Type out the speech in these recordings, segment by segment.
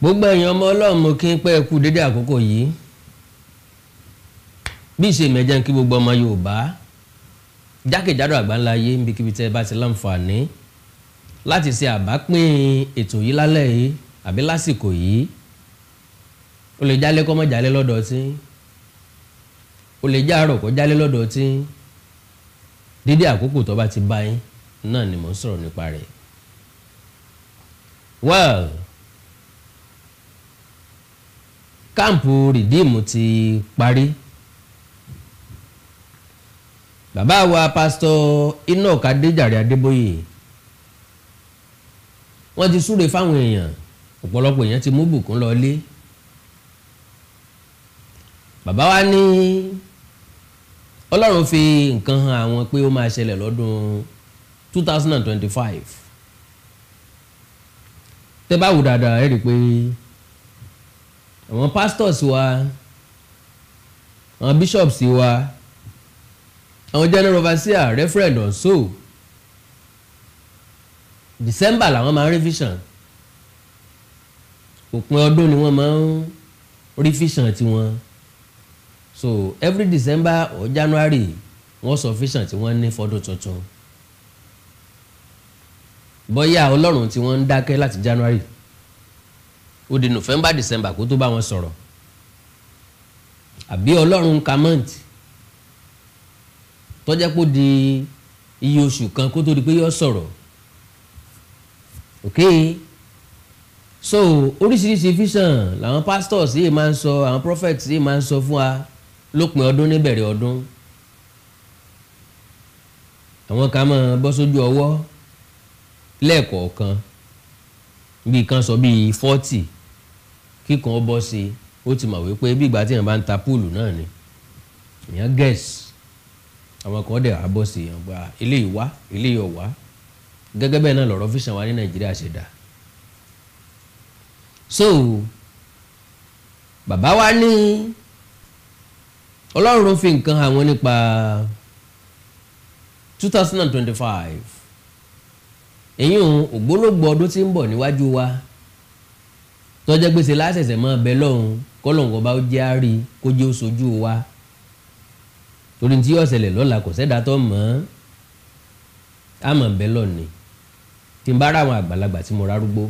gbogbo ẹ̀yin ọmọ ọlọ́run mo kí n pẹ́ kú dédé àkókò yìí bí ìṣe mẹ́jẹ́ ń kí gbogbo ọmọ Yorùbá jákèjádò àgbáńlá ayé níbikíbi tẹ́ ẹ bá ti láǹfààní láti ṣe àbápín ètò yìí lálẹ́ yìí àbí lásìkò yìí o lè jálé kọ́ mọ́ jálé lọ́dọ̀ tí o lè já àárọ̀ kọ́ jálé lọ́dọ̀ tí dédé àkókò tó bá ti bá náà ni mò ń sọ̀rọ̀ nípa rẹ̀ well. káàmpù rìdíìmù ti parí bàbá wa pásítọ̀ Enoch Adéjàre Adébóyè wọ́n ti súre fáwọn èèyàn ọ̀pọ̀lọpọ̀ èèyàn ti mú bùkún lọlé bàbá wa ní Ọlọ́run fi nǹkan hàn àwọn pé ó máa ṣẹlẹ̀ lọ́dún 2025 tẹ́ bá wò dáadáa ẹ rí i pé àwọn pastors wa àwọn bishops wa àwọn general overseer referend on so December làwọn máa ń rí vision òpin ọdún ni wọ́n máa ń rí tiwọn so every December or January wọ́n sọ vision tí wọ́n ní fọ́dún tuntun bóyá Ọlọ́run tí wọ́n ń dákẹ́ láti January ó di november december kó tó bá wọn sọ̀rọ̀ àbí ọlọ́run kamant tọ́jẹ́ kó di iye oṣù kan kó tó di pé yọ sọ̀rọ̀ ok so oríṣiríṣi vision làwọn pastors yìí máa ń sọ àwọn prophets yìí máa ń sọ fún wa lópin ọdún níbẹ̀rẹ̀ ọdún àwọn kan máa bọ́ sójú ọwọ́ lẹ́ẹ̀kọ̀ọ̀kan bíi kan sọ bíi forty kíkan ọ bọ́ sí i ó ti mọ̀ wípé bí ìgbà tí èèyàn bá ń ta púùlù náà ni èèyàn gẹ̀ẹ́sì àwọn kan dẹ̀ abọ́ sí èèyàn gba ilé ìwá ilé ọ̀wá gẹ́gẹ́ bẹ́ẹ̀ náà lọ̀rọ̀ fíṣàn wa ní nàìjíríà ṣe dà so bàbá wa ní ọlọ́run fi nǹkan àwọn nípa two thousand and twenty five èyí ògbólógbòó ọdún tí ń bọ̀ níwájú wa. Ni tọ́jà gbèsè lásẹ̀sẹ̀ mọ́ ọbẹ̀ lọ́hùn kọ́lọ́hùn ọba ó jẹ́ àárí kó jẹ́ ó wa torí tí yóò ṣẹlẹ̀ lọ́la kò sẹ́dá tó mọ̀ ọ́n àmọ̀ ọbẹ̀ lọ́ni tí n bá ra àwọn àgbàlagbà tí mo rárúgbó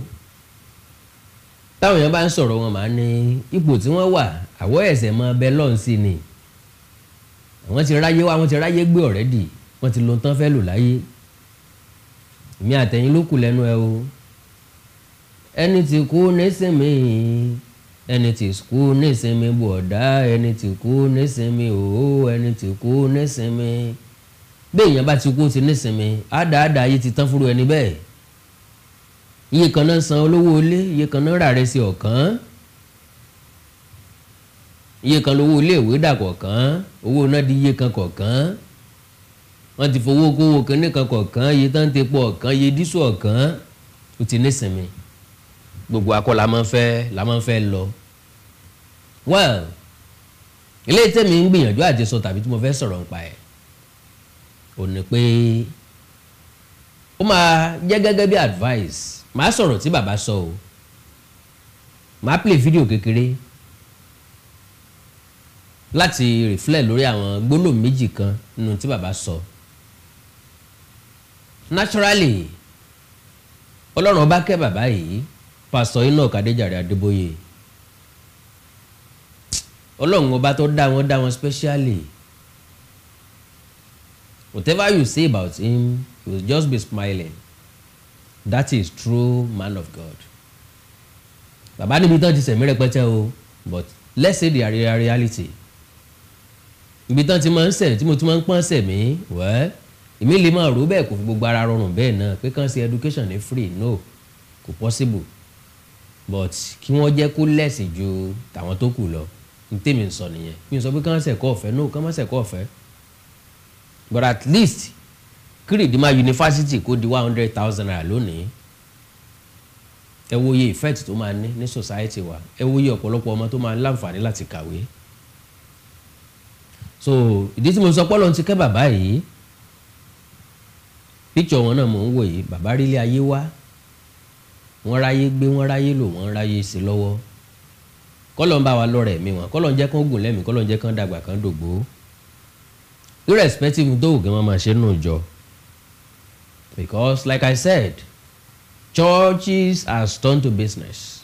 táwọn èèyàn bá ń sọ̀rọ̀ wọn màá ní ipò tí wọ́n wà àwọ̀ ẹ̀sẹ̀ mọ́ ọbẹ̀ lọ́hùn sí ni àwọn ti ráyé wá wọ́n ti ráyé gbé ọ̀rẹ́dì wọ́n ti lo tán fẹ́ lò láyé èmi àtẹ̀yìn ló kù lẹ́nu ẹ o ẹni tí kú nísìmí ẹni tí kú nísìmí bọ̀dá ẹni tí kú nísìmí òwò ẹni tí kú nísìmí bí èèyàn bá ti kú ti nísìmí Ada yìí ti tán fúru ẹni bẹ́ẹ̀ iye kan náà san olówó ilé iye kan náà rà rẹ sí ọ̀kan iye kan lówó ilé ìwé dà kọ̀ọ̀kan owó náà di iye kan kọ̀ọ̀kan wọ́n ti fowó kówó kan ní kan kọ̀ọ̀kan iye tán ti pọ̀ ọ̀kan iye dísù ọ̀kan ó ti nísìmí gbogbo akọ la máa ń la máa ń fẹ́ well ilé tèmi ń gbìyànjú àti sọ tàbí tí mo fẹ́ sọ̀rọ̀ nípa ẹ̀ ò ní pé ó máa jẹ́ gẹ́gẹ́ bí advice màá sọ̀rọ̀ tí bàbá sọ o màá play video. kékeré láti reflect lórí àwọn gbólóhùn méjì kan nínú tí bàbá sọ naturally ọlọ́run ọba kẹ́ bàbá yìí pásítọ̀ Enoch Adéjàre Adébóyè ọlọ́run ọba tó dá wọn dá wọn specially whatever you say about him he will just be smiling that is true man of God bàbá níbi tán ti sẹ̀mí rẹpẹtẹ o but let's say the reality ibi tán ti máa ń sẹ̀ tí mo ti máa ń pọ́n sẹ̀mí wẹ́ẹ́ èmi lè máa rò bẹ́ẹ̀ kò fi gbogbo ara rọrùn bẹ́ẹ̀ náà pé kàn sí education ní free no kò possible but kí wọ́n jẹ́ kó lẹ́sìn ju tàwọn tó kù lọ ní tèmi sọ nìyẹn mi sọ pé kán sẹ̀kọ́ ọ̀fẹ́ no kán má sẹ̀kọ́ ọ̀fẹ́ but at least kírìdìmá yunifásitì kó di one hundred thousand naira lónìí ẹ wo iye effect tó máa ní ní society wa ẹ wo iye ọ̀pọ̀lọpọ̀ ọmọ tó máa ń láǹfààní láti kàwé so ìdí tí mo sọ pọ́lọ́n ti kẹ́ bàbá yìí picture wọn náà mò ń wò yìí bàbá rí ilé ayé wá wọ́n ráyé gbé wọ́n ráyé lò wọ́n ráyé sí lọ́wọ́ kọ́lọ́n bá wa lọ́rẹ̀ mi wọn kọ́lọ́n jẹ́ kán gùn lẹ́mìí kọ́lọ́n jẹ́ kán dàgbà kán dògbò irrespective tó ògùn wọn máa ṣe nù jọ because like I said churches are turned to business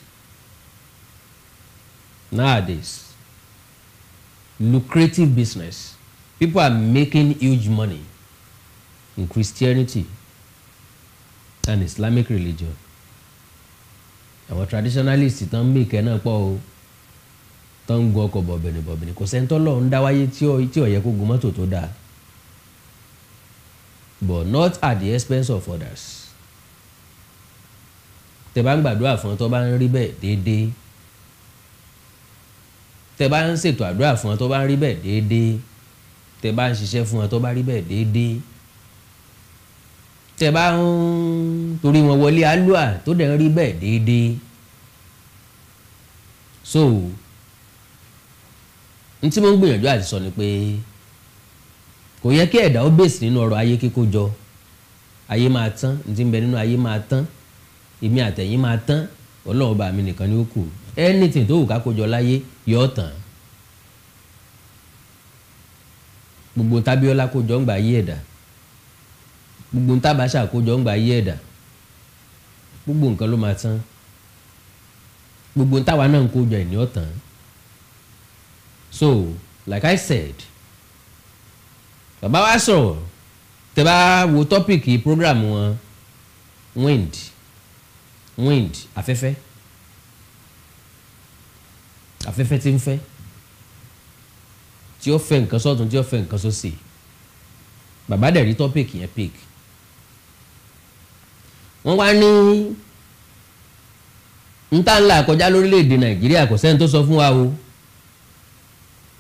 nowadays lucrative business people are making huge money in Christianity and Islamic religion àwọn traditionalist tán ń mèkẹ́ náà pọ̀ o tán ń gun ọkọ̀ bọ̀bìnrin bọ̀bìnrin kò sẹ́ńtọ́ ń dá wáyé tí ó kó gun mọ́tò tó dáa but not at the expense of others tẹ bá ń gbàdúrà fún tó bá ń rí bẹ́ẹ̀ déédéé tẹ bá ń ṣètò àdúrà fún tó bá ń rí bẹ́ẹ̀ déédéé tẹ bá ń ṣiṣẹ́ fún tó bá rí bẹ́ẹ̀ déédéé tẹ bá ń torí wọn wọlé alúà tó dẹ̀ ń rí bẹ́ẹ̀ déédéé so n tí mo ń gbìyànjú àti sọ ni pé kò yẹ kí ẹ̀dá ó bèsì nínú ọrọ̀ ayé kíkó jọ ayé máa tán n tí ń bẹ nínú ayé máa tán èmi àtẹ̀yìn máa tán ọlọ́run bá mi nìkan ni ó kù anything tó wù ká kó jọ láyé yọ ọ́ tán gbogbo tábíọ́lá kó jọ ń gbà ayé ẹ̀dá. E gbogbo ń tábà ṣàkójọ ń gba ayé ẹ̀dá gbogbo nǹkan ló máa tán gbogbo ń táwa náà ń kójọ ẹ̀ ní so like I said bàbá wa sọ̀rọ̀ tẹ́ bá wo tọ́pìkì program wọn wind wind afẹ́fẹ́ afẹ́fẹ́ tí ń fẹ́ tí ó fẹ́ nǹkan sọ́tún tí ó fẹ́ nǹkan sósì bàbá dẹ̀ rí tọ́pìkì yẹn pèkì wọ́n wá ní níta ńlá kọjá lórílẹ̀‐èdè nàìjíríà kò sẹ́ni tó sọ fún wa o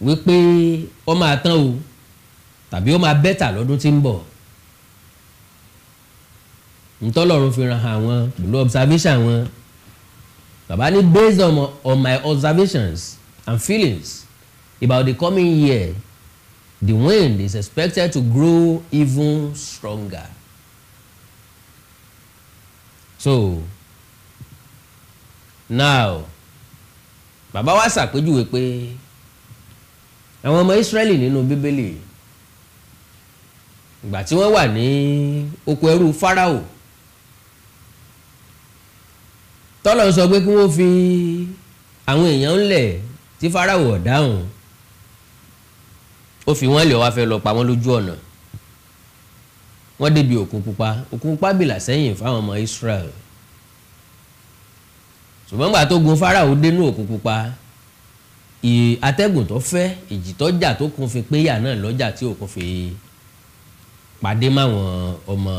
wípé ó máa tán o tàbí ó máa bẹ́tà lọ́dún tí ń bọ̀ ntọ́lọ́run fi ran àwọn pẹ̀lú observation wọn bàbá ní based on, on my observations and feelings about the coming year the wind is expected to grow even stronger so now bàbá wa ṣàpèjúwe pé àwọn ọmọ Ísírẹ́lì nínú bíbélì ìgbà tí wọ́n wà ní oko ẹrú Fáráò tọ́lọ̀ sọ pé kí wọ́n fi àwọn èèyàn ńlẹ̀ tí Fáráò ọ̀dáhùn ó fi wọ́n lẹ̀ wá fẹ́ lọ pa lójú ọ̀nà wọ́n débi òkun pupa òkun pupa bìlà sẹ́yìn fáwọn ọmọ Israel ṣùgbọ́n gbà tó gun Fáráò dénú òkun pupa atẹ́gùn tó fẹ́ ìjì tó jà tó kun fi péyà náà lọ́jà tí òkun fi pàdé máwọn ọmọ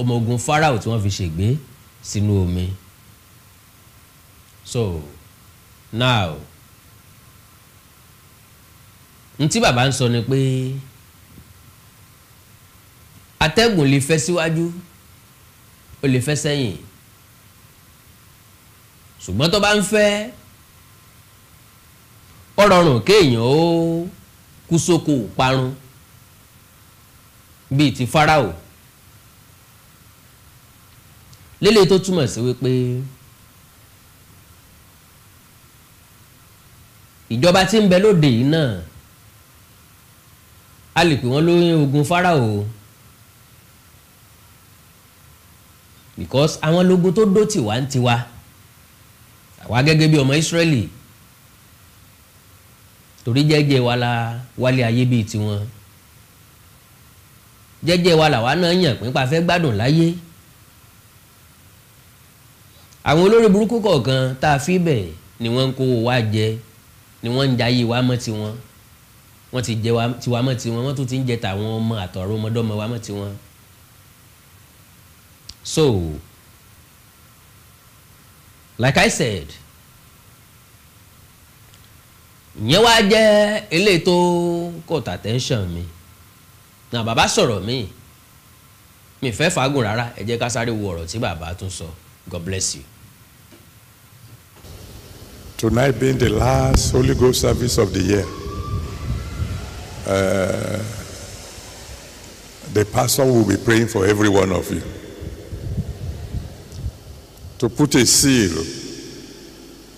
ọmọ ogun Fáráò tí wọ́n fi ṣègbé sínú omi so now ntí bàbá ń sọ ni pé atẹ́gùn lè fẹ́ síwájú o lè fẹ́ sẹ́yìn ṣùgbọ́n tó bá ń fẹ́ ó rọrùn kéèyàn ó kú sóko parun bíi ti farao lélẹ̀ tó túmọ̀ sí wípé ìjọba tí ń bẹ lóde yìí náà a lè pè wọ́n lóyún ogun farao because àwọn logo tó dó tiwa ń tiwa àwa gẹ́gẹ́ bí ọmọ Ísírẹ́lì torí jẹ́jẹ́ wa la wálé ayé bíi tiwọn jẹ́jẹ́ wa làwa náà yàn pípa fẹ́ gbádùn láyé àwọn olórí burúkú kọ̀ọ̀kan tá a fi bẹ̀ ni wọ́n ń kó wa jẹ ni wọ́n ń jayé wa mọ́ tiwọn wọ́n ti jẹ tiwa mọ́ tiwọn wọ́n tún ti ń jẹ tàwọn ọmọ àtọ̀rọ̀ ọmọdọ́mọ wa mọ́ tiwọn. So, like I said, ìyẹn wá jẹ́ eléyìí tó caught attention mi na bàbá sọ̀rọ̀ mi mi fẹ́ fagùn rárá ẹ jẹ́ ká sáré wo ọ̀rọ̀ tí bàbá tún sọ God bless you. Tonight being the last Holy Ghost service of the year, uh, the pastor will be praying for every one of you. to put a seal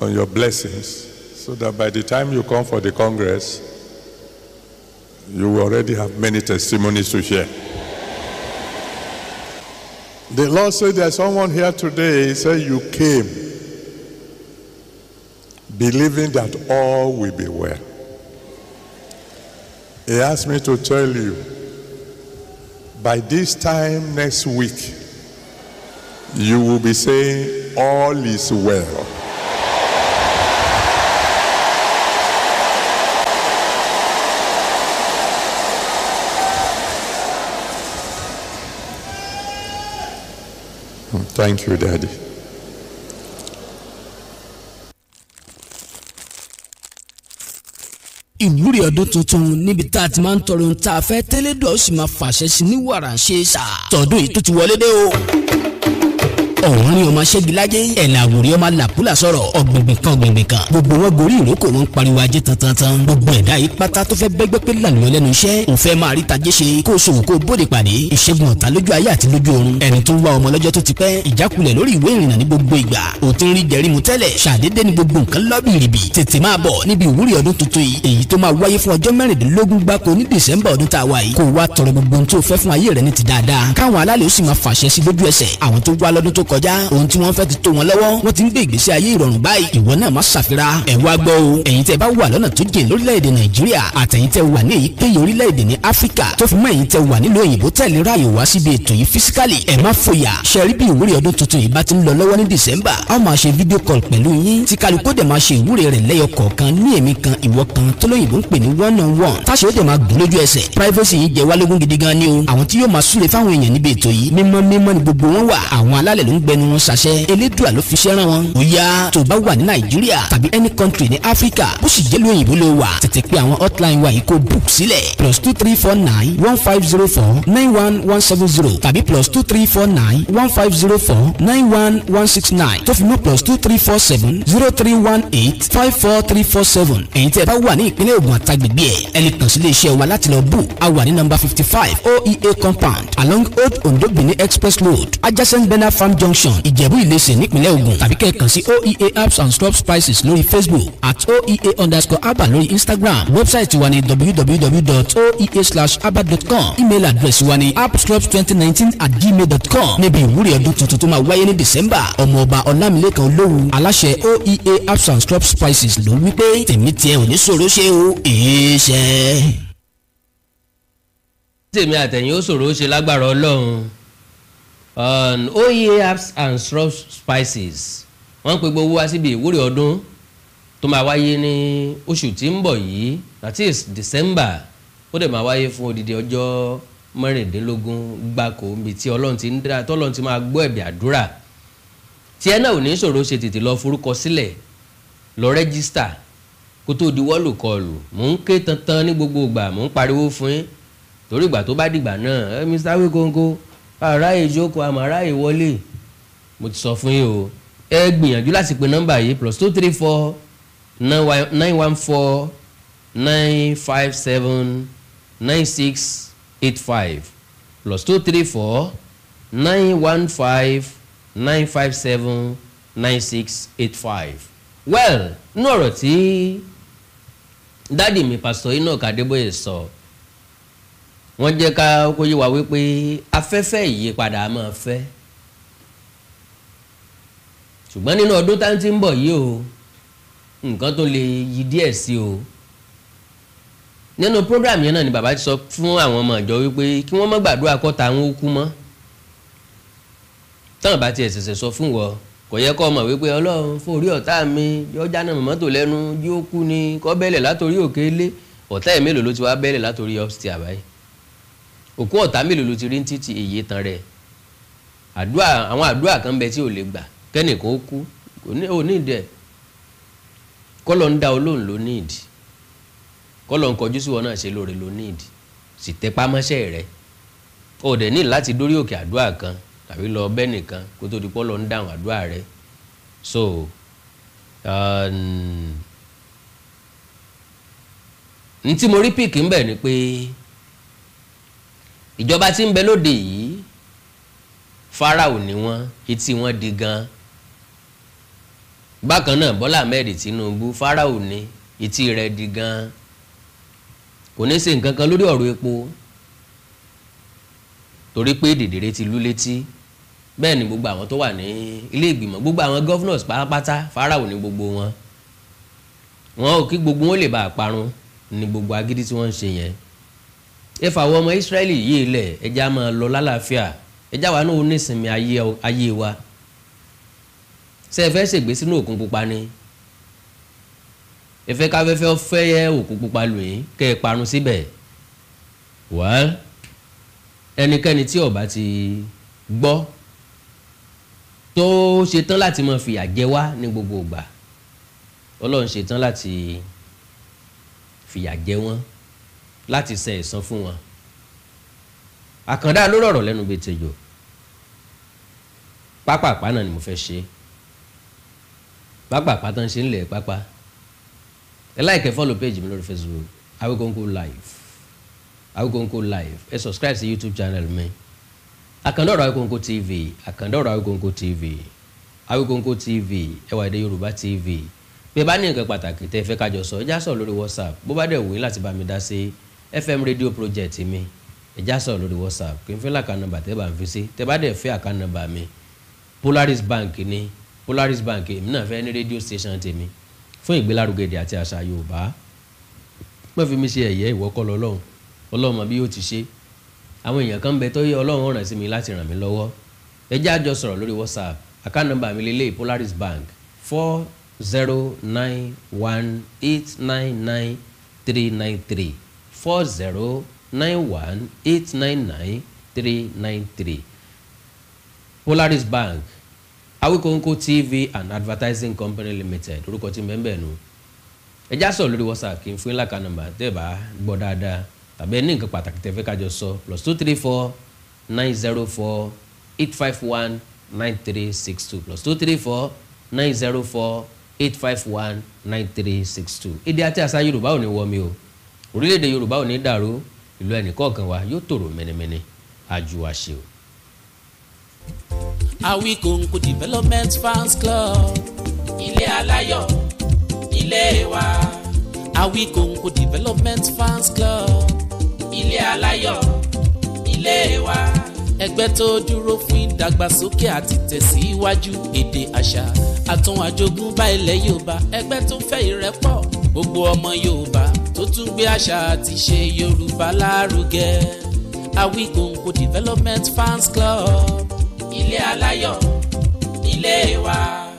on your blessings so that by the time you come for the Congress, you already have many testimonies to share. The Lord said there's someone here today, He said, You came believing that all will be well. He asked me to tell you by this time next week, you will be saying, All is well. Hmm, thank you, Daddy. ìwúrí ọdún tuntun níbi tá a ti máa ń tọrọ ohun tá a fẹ́ tẹ́lẹ̀dọ̀ ó sì máa fàṣẹ sí ní wàrà ṣe é ṣá. tọdún yìí tó ti wọlé dé o ọ̀rọ̀ ni ọmọ ṣẹ́gilájẹ́ ẹ̀là àwòrán ọmọ làkúlà sọ̀rọ̀ ọ̀gbìngbìn kan ọ̀gbìngbìn kan gbogbo wọn gorí ìrókò wọn pariwo ajé tantan gbogbo ẹ̀dá yìí pátá tó fẹ́ bẹ́gbẹ́ pé lànà lẹ́nu iṣẹ́ ò fẹ́ máa rí tajé ṣe kó o ṣòwò kó o bóde pàdé ìṣègùn ọ̀tá lójú ayé àti lójú ọ̀run ẹni tó ń wá ọmọ lọ́jọ́ tó ti pẹ́ ìjákulẹ̀ lórí ìwé ìrìnnà ní gbogbo ìgbà ò ti ń rí jẹrí mu tẹ́lẹ̀ ṣàdédé ni gbogbo nǹkan lọ́bì rìbì tètè máa bọ̀ níbi ìwúrí ọdún tuntun yìí èyí tó máa wáyé fún ọjọ́ mẹ́rìndínlógún gbáko ní dẹ̀sẹ̀mbà ọdún tá a wá yìí kó o wá tọrọ gbogbo ohun tó fẹ́ fún ayé rẹ ní ti dáadáa káwọn alálẹ̀ ó sì máa fàṣẹ sí lójú ẹsẹ̀ àwọn tó wá lọ́dún tó kọjá ohun tí wọ́n fẹ́ ti tó wọn lọ́wọ́ wọ́n ti ń gbé ìgbésí ayé ìrọ̀rùn báyìí ìwọ náà má ṣàfira ẹ̀ wá gbọ́ o ẹ̀yin tẹ́ bá wà lọ́nà tó jìn lórílẹ̀‐èdè nàìjíríà àtẹ̀yin tẹ́ wà ní èyíkéyìí orílẹ̀‐èdè ní áfíríkà tó fi mọ́ ẹ̀yin tẹ́ wà nílùú òyìnbó tẹ̀lé ráàyè wá síbi ètò yìí físíkàlì ẹ̀ má fòyà ṣẹ́rí bí ìwúrí ọdún tuntun yìí bá ti ń lọ lọ́wọ́ ní dìsẹ́mbà a máa ṣe fídíò kọ́l pẹ̀lú yín tí kálukú dẹ̀ máa ṣe ìwúrí rẹ̀ lẹ́yọ kọ̀ọ̀kan ní èmi kan ìwọ kan tólóyìnbó ń pè ní one on one táṣe ó dẹ̀ máa gùn lójú ẹsẹ̀ privacy yìí jẹ́ wálógún gidi gan ni o àwọn tí yóò máa súre fáwọn èèyàn níbi ètò yìí mímọ́ mímọ́ ni gbogbo wọn wà àwọn alálẹ̀ ló ń ń gbẹnu ṣàṣẹ elédùà ló fi ṣẹ́ rán wọn. ó yá tó bá wà ní nàìjíríà tàbí any country ní áfíríkà bó sì jẹ́ lóyìnbó ló wà tètè pé àwọn hotline wa yìí kó book sílẹ̀ plus two three four nine one five zero four nine one one seven zero tàbí plus two three four nine one five zero four nine one one six nine tó fi mọ́ plus two three four seven zero three one eight five four three four seven èyí tẹ́ bá wà ní ìpínlẹ̀ Ògùn àtàgbègbè ẹ̀ ẹ lè kàn sí ilé iṣẹ́ wa láti lọ book a wà ní number fifty five oea compound along old ondo benin express road adjacent bena farm junction junction ìjẹ̀bú ìlẹsẹ̀ nípínlẹ̀ ògùn tàbí kẹ́ẹ̀kan sí oea apps and stop spices lórí facebook at oea underscore aba lórí instagram wẹ́bsáìtì wa ni www.oea/aba.com email address wa ni appstrops2019 at gmail.com níbi ìwúrí ọdún tuntun tó máa wáyé ní december ọmọọba ọlámilẹ́kan olówu aláṣẹ oea apps and stop spices ló wí pé tèmi tiẹ̀ ò ní ṣòro ṣe o èé ṣe. tèmi àtẹ̀yìn ó ṣòro ṣe lágbára ọlọ́run on oye herbs and shrub spices wọ́n pe gbogbo wa síbi ìwúrí ọdún tó máa wáyé ní oṣù tí ń bọ̀ yìí that is December ó dẹ̀ máa wáyé fún odidi ọjọ́ mẹ́rìndínlógún gbáko níbi tí ọlọ́run ti ń dá tọ́lọ́run ti máa gbọ́ ẹ̀bẹ̀ àdúrà tí ẹ náà ò ní ṣòro ṣe tètè lọ forúkọ sílẹ̀ lọ rẹ́gísítà kó tó di wọ́ọ̀lù kọlù mò ń ké tantan ní gbogbo ìgbà mò ń pariwo fún yín torí ìgbà tó bá dìgbà náà ẹ Mr. Awikonko àrà ìjókòó àmọ́ àrà ìwọlé mo ti sọ fún yín o ẹ gbìyànjú láti pe nọ́mbà yìí plus two three four nine one four nine five seven nine six eight five plus two three four nine one five nine five seven nine six eight five well nínú ọ̀rọ̀ tí dáàdì mi pásítọ̀ Enoch Adébóyè sọ. So, wọ́n jẹ́ ká kó yé wa wípé afẹ́fẹ́ ìyípadà máa fẹ́ ṣùgbọ́n nínú ọdún tá ti ń bọ̀ yìí o nǹkan tó lè yí díẹ̀ sí o nínú program yẹn náà ni bàbá ti sọ fún àwọn ọmọ ìjọ wípé kí wọ́n má gbàdúrà kọ́ta àwọn ó kú mọ́ táwọn bá tiẹ̀ ṣẹ̀ṣẹ̀ sọ fún wọn kò yẹ kó mọ̀ wípé ọlọ́run fún ọ̀tá mi yọ jáná mọ́tò lẹ́nu yóò kú ni kọ́ bẹ́lẹ̀ látòrí òkè lé ọ̀tá ẹ̀ mélòó ló ti wá bẹ́lẹ̀ látòrí upstairs báyìí òkú ọ̀tá mélòó ló ti rí ní títì èyí tán rẹ̀ àdúrà àwọn àdúrà kan bẹ tí ò lè gbà kẹ́nìkan ó kú ò ní ìdẹ kọ́lọ̀ ń da olóhùn ló ní ìdí kọ́lọ̀ ń kọjú sí wọn náà ṣe lóore ló ní ìdí sì tẹpá mọ́ṣẹ́ rẹ̀ ó dẹ̀ ní láti dórí òkè àdúrà kan tàbí lọ bẹ́ nìkan kó tó di kọ́lọ̀ ń dáhùn àdúrà rẹ̀ so um, n tí mo rí píìkì ń bẹ̀ ni pé. Pe ìjọba tí ń bẹ lóde yìí Fáráò ni wọ́n etí wọn di gan bákan náà Bọ́lá Ahmed Tinubu Fáráò ni etí rẹ̀ di gan kò ní ṣe nǹkan kan lórí ọ̀rọ̀ epo torí pé dèdèrè ti lú létí bẹ́ẹ̀ ni gbogbo àwọn tó wà ní ilé ìgbìmọ̀ gbogbo àwọn governors pátápátá Fáráò ni gbogbo wọn wọn ò kí gbogbo wọn lè bá a parun ni gbogbo agídí tí wọ́n ń ṣe yẹn ẹ fà àwọn ọmọ Ísírẹ́lì yìí lẹ̀ ẹja máa lọ lálàáfíà ẹja wa náà ó nísinmi ayé wa ṣé ẹ fẹ́ ṣègbè sínú òkun pupa ni ẹ fẹ́ káfẹ́fẹ́ fẹ́ yẹ òkun pupa lò yín kẹ́ ẹ parun síbẹ̀ wẹ́ẹ́ ẹnikẹ́ni tí ó bá ti gbọ́ tó ṣetán láti máa fìyà jẹ wá ní gbogbo ìgbà ọlọ́run ṣetán láti fìyà jẹ wọ́n láti ṣe ẹ̀san fún wọn àkàndá ló rọ̀rọ̀ lẹ́nu gbètèjò pápá àpá náà ni mo fẹ́ ṣe pápá àpá tó ń ṣe ńlẹ̀ pápá ẹ láìkẹ́ fọ́lọ̀ péjì mi lórí Facebook Awikonko live Awikonko live ẹ subscribe sí YouTube channel mi àkàndá ọ̀rọ̀ Awikonko TV àkàndá ọ̀rọ̀ Awikonko TV Awikonko TV ẹwà èdè Yorùbá TV bí ẹ bá ní nǹkan pàtàkì tẹ́ ẹ fẹ́ kájọ sọ ẹ já sọ lórí WhatsApp bó bá dẹ̀ wù yín láti bá mi dá sí i fm radio project mi ẹ̀já sọ̀rọ̀ lórí whatsapp kí n fẹ́ làkà nọmba tẹ́ bá ń fi sí tẹ́ bá dẹ̀ fẹ́ àká nọmba mi polaris bank ni polaris bank èmi náà fẹ́ ní radio station tèmi fún ìgbélárugẹ èdè àti àṣà yorùbá pé fi mi ṣe ẹ̀yẹ́ ìwọ́kọ́ lọ́lọ́run ọlọ́run bí yóò ti ṣe àwọn èèyàn kan bẹ tó yẹ ọlọ́run ràn sí mi láti ràn mí lọ́wọ́ ẹ àjọ sọ̀rọ̀ lórí whatsapp account number mi lélẹ́yìí polaris bank four zero nine one eight nine nine three nine three four zero nine one eight nine nine three nine three Polaris Bank Awikonko TV and Advertising Company Limited orúkọ tí mẹ́ńbẹ̀ nu ẹ já sọ̀rọ̀ lórí WhatsApp kí n fún yín láka nọ́mbà tẹ́ ẹ bá gbọ́ dáadáa tàbí ẹ nǹkan pàtàkì tẹ́ kájọ sọ plus two three four nine zero four eight five one nine three six two plus two three four nine zero four eight five one nine three six two èdè àti àṣà Yorùbá ò ní wọ mi o orílẹ̀-èdè yorùbá ò ní dàrú ìlú ẹnìkọ̀ọ̀kan wa yóò tòrò mẹ́nẹ́mẹ́nẹ́ àjò àṣẹ o. Awikonko Development Fans Club ilé aláyọ̀ ilé wa. Awikonko Development Fans Club ilé aláyọ̀ ilé wa ẹgbẹ́ tó dúró fún ìdàgbàsókè àti tẹ̀síwájú èdè àṣà àtún àjogúnbá ilẹ̀ yorùbá ẹgbẹ́ tó fẹ́ ìrẹ́pọ̀ gbogbo ọmọ yorùbá tó tún gbé àṣà àti ṣe Yorùbá lárugẹ Awikonko Development Fans Club ilé aláyọ̀ ilé wa.